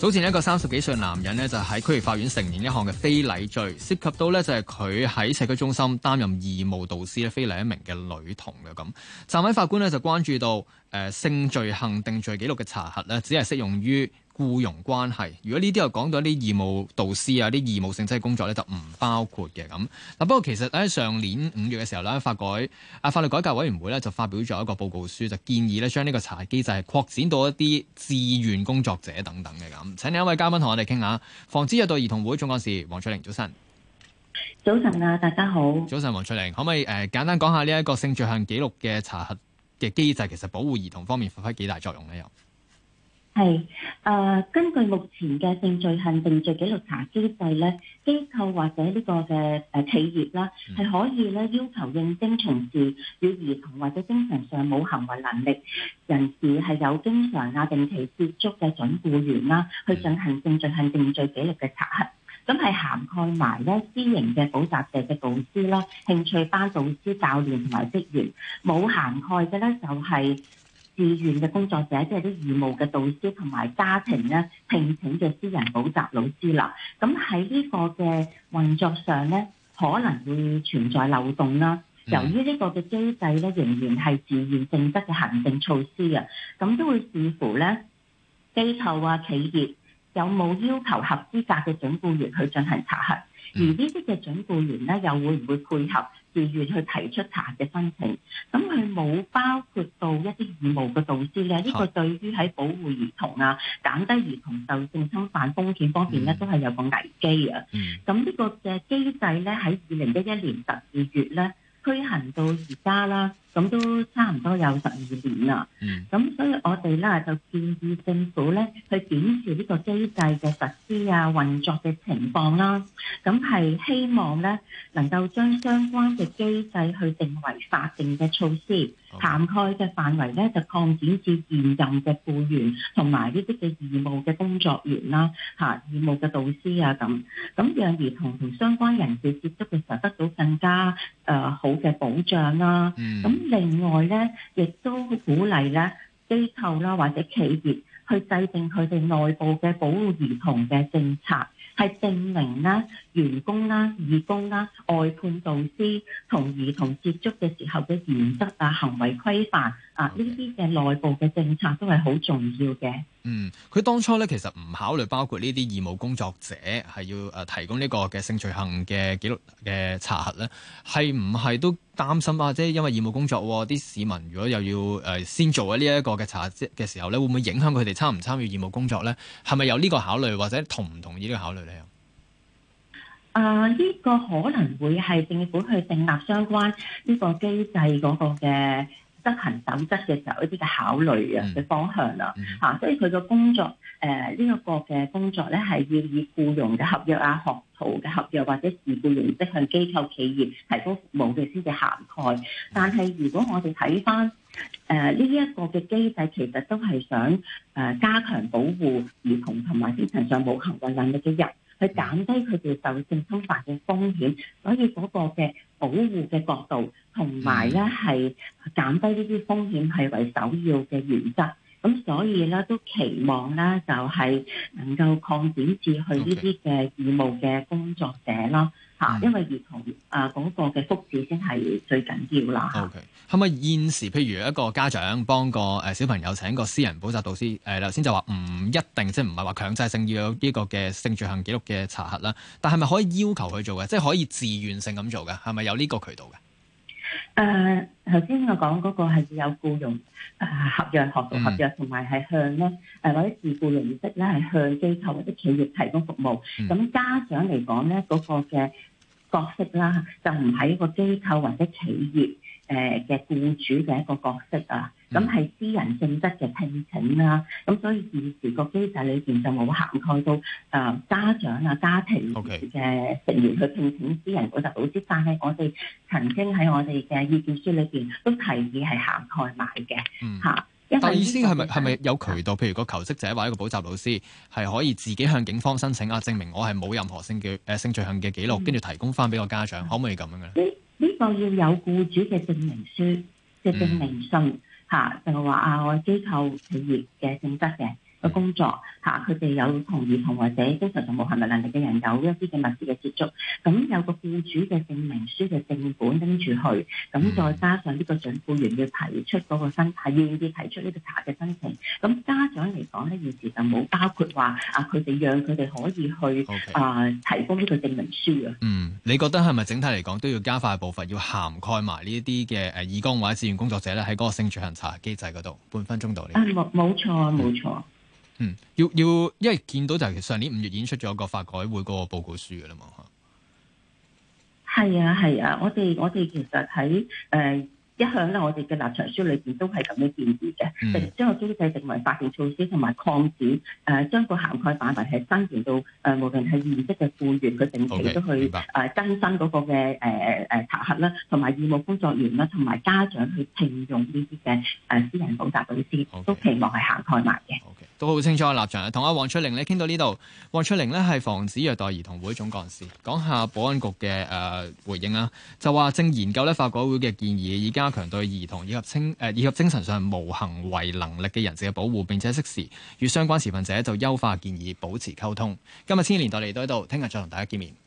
早前一個三十幾歲男人呢，就喺區域法院承認一項嘅非禮罪，涉及到呢就係佢喺社區中心擔任義務導師咧，非禮一名嘅女童嘅咁。站位法官呢，就關注到，誒、呃、性罪行定罪紀錄嘅查核呢只係適用於僱傭關係，如果呢啲又講到啲義務導師啊、啲義務性質嘅工作咧，就唔包括嘅咁。嗱，不過其實喺上年五月嘅時候咧，法改啊，法律改革委員會咧就發表咗一個報告書，就建議咧將呢個查核機制擴展到一啲志願工作者等等嘅咁。請另一位嘉賓同我哋傾下，防止虐待兒童會總幹事黃翠玲早晨。早晨啊，大家好。早晨，黃翠玲，可唔可以誒、呃、簡單講下呢一個性罪行記錄嘅查核嘅機制，其實保護兒童方面發揮幾大作用咧？又？係，誒根據目前嘅性罪行定罪紀錄查機制咧，機構或者呢個嘅誒企業啦，係可以咧要求應徵從事與兒童或者精神上冇行為能力人士係有經常啊、定期接觸嘅準僱員啦，去進行性罪行定罪紀錄嘅查核。咁係涵蓋埋咧私營嘅補習社嘅導師啦、興趣班導師、教練同埋職員。冇涵蓋嘅咧就係。自願嘅工作者，即係啲義務嘅導師同埋家庭咧聘請嘅私人補習老師啦。咁喺呢個嘅運作上咧，可能會存在漏洞啦。由於呢個嘅機制咧，仍然係自願性質嘅行政措施啊。咁都會視乎咧機構啊、企業有冇要求合資格嘅準雇員去進行查核，而呢啲嘅準雇員咧又會唔會配合？月去提出查嘅申請，咁佢冇包括到一啲義務嘅導師咧，呢個對於喺保護兒童啊、減低兒童受性侵犯風險方面咧，都係有個危機啊。咁呢個嘅機制咧，喺二零一一年十二月咧推行到而家啦。 咁都差唔多有十二年啦，咁、mm hmm. 所以我哋咧就建議政府咧去檢視呢個機制嘅實施啊、運作嘅情況啦。咁係希望咧能夠將相關嘅機制去定為法定嘅措施，涵蓋嘅範圍咧就擴展至現任嘅雇員同埋呢啲嘅義務嘅工作員啦、啊，嚇義務嘅導師啊咁，咁讓兒童同相關人士接觸嘅時候得到更加誒、呃、好嘅保障啦、啊。咁、mm hmm. 另外咧，亦都鼓勵咧機構啦或者企業去制定佢哋內部嘅保護兒童嘅政策，係訂明啦員工啦義工啦外判導師同兒童接觸嘅時候嘅原則啊、行為規範。呢啲嘅內部嘅政策都係好重要嘅。嗯，佢當初咧，其實唔考慮包括呢啲義務工作者係要誒、呃、提供呢個嘅性罪行嘅紀錄嘅查核咧，係唔係都擔心啊？即係因為義務工作啲、哦、市民如果又要誒、呃、先做咗呢一個嘅查嘅時候咧，會唔會影響佢哋參唔參與義務工作咧？係咪有呢個考慮或者同唔同意呢個考慮咧？誒、呃，呢、呢個可能會係政府去訂立相關呢個機制嗰個嘅。執行守則嘅時候一啲嘅考慮啊嘅方向啦，嚇、 啊，所以佢嘅工作誒、呢一個嘅工作咧係要以僱用嘅合約啊、學徒嘅合約或者事僱形式向機構企業提供服務嘅先至涵蓋。但係如果我哋睇翻誒、呢一個嘅機制，其實都係想誒、呃、加強保護兒童同埋精神上冇行為能力嘅人。去減低佢哋受性侵犯嘅風險，所以嗰個嘅保護嘅角度，同埋呢係減低呢啲風險係為首要嘅原則。咁、嗯、所以咧都期望咧就係能夠擴展至去呢啲嘅義務嘅工作者咯嚇，Okay. 因為兒童啊嗰個嘅福祉先係最緊要啦。O K. 係咪現時譬如一個家長幫個誒小朋友請個私人補習導師誒，頭、呃、先就話唔一定，即係唔係話強制性要有呢個嘅性罪行記錄嘅查核啦？但係咪可以要求佢做嘅，即係可以自願性咁做嘅？係咪有呢個渠道嘅？誒，頭先、uh，我講嗰個係有僱傭誒合約、合同合約，同埋係向咧誒，或、呃、者自僱形式咧，係向機構或者企業提供服務。咁、嗯、家長嚟講咧，嗰、那個嘅角色啦，就唔係一個機構或者企業誒嘅僱主嘅一個角色啊，咁係、嗯、私人性質嘅聘請啦，咁、呃、所以現時個機制裏邊就冇涵蓋到啊、呃、家長啊家庭嘅成員去聘請私人補習老師，Okay. 但係我哋曾經喺我哋嘅意見書裏邊都提議係涵蓋埋嘅嚇。嗯啊但意思係咪係咪有渠道？譬如個求職者或者個補習老師係可以自己向警方申請啊，證明我係冇任何性嘅誒性罪行嘅記錄，跟住提供翻俾個家長，嗯、可唔可以咁樣嘅？呢呢個要有僱主嘅證明書，即係證明信嚇，嗯、就係話啊我機構企業嘅正德嘅。嘅、嗯、工作吓，佢哋有同兒童、嗯、或者精神上冇行為能力嘅人有一啲嘅密切嘅接觸，咁有個僱主嘅證明書嘅正本跟住去，咁再加上呢個準僱員要提出嗰個申，係、嗯、要要提出呢個查嘅申請。咁家長嚟講呢，現時就冇包括話啊，佢哋讓佢哋可以去啊 Okay.、呃、提供呢個證明書啊。嗯，你覺得係咪整體嚟講都要加快步伐，要涵蓋埋呢一啲嘅誒義工或者志願工作者咧，喺嗰個性罪行查機制嗰度半分鐘度咧？冇冇錯，冇錯、嗯。嗯嗯，要要，因為見到就係上年五月演出咗個法改會個報告書嘅啦嘛吓。係啊係啊，我哋我哋其實喺誒一向咧，我哋嘅立場書裏邊都係咁樣建議嘅，即係將個機制成為法定措施同埋擴展誒，將、呃、個涵蓋範圍係伸延到誒、呃，無論係現職嘅僱員，佢定期 okay, 都去誒白、呃、更新嗰個嘅誒誒誒查核啦，同、呃、埋、呃、義務工作人員啦，同埋家長去聘用呢啲嘅誒私人補習老師，都期望係涵蓋埋嘅。Okay. 都好清楚立場啦，同阿黃翠玲呢傾到呢度。黃翠玲呢係防止虐待兒童會總幹事，講下保安局嘅誒、呃、回應啦，就話正研究呢法改會嘅建議，以加強對兒童以及清誒、呃、以及精神上無行為能力嘅人士嘅保護，並且適時與相關持份者就優化建議保持溝通。今日千年代嚟到呢度，聽日再同大家見面。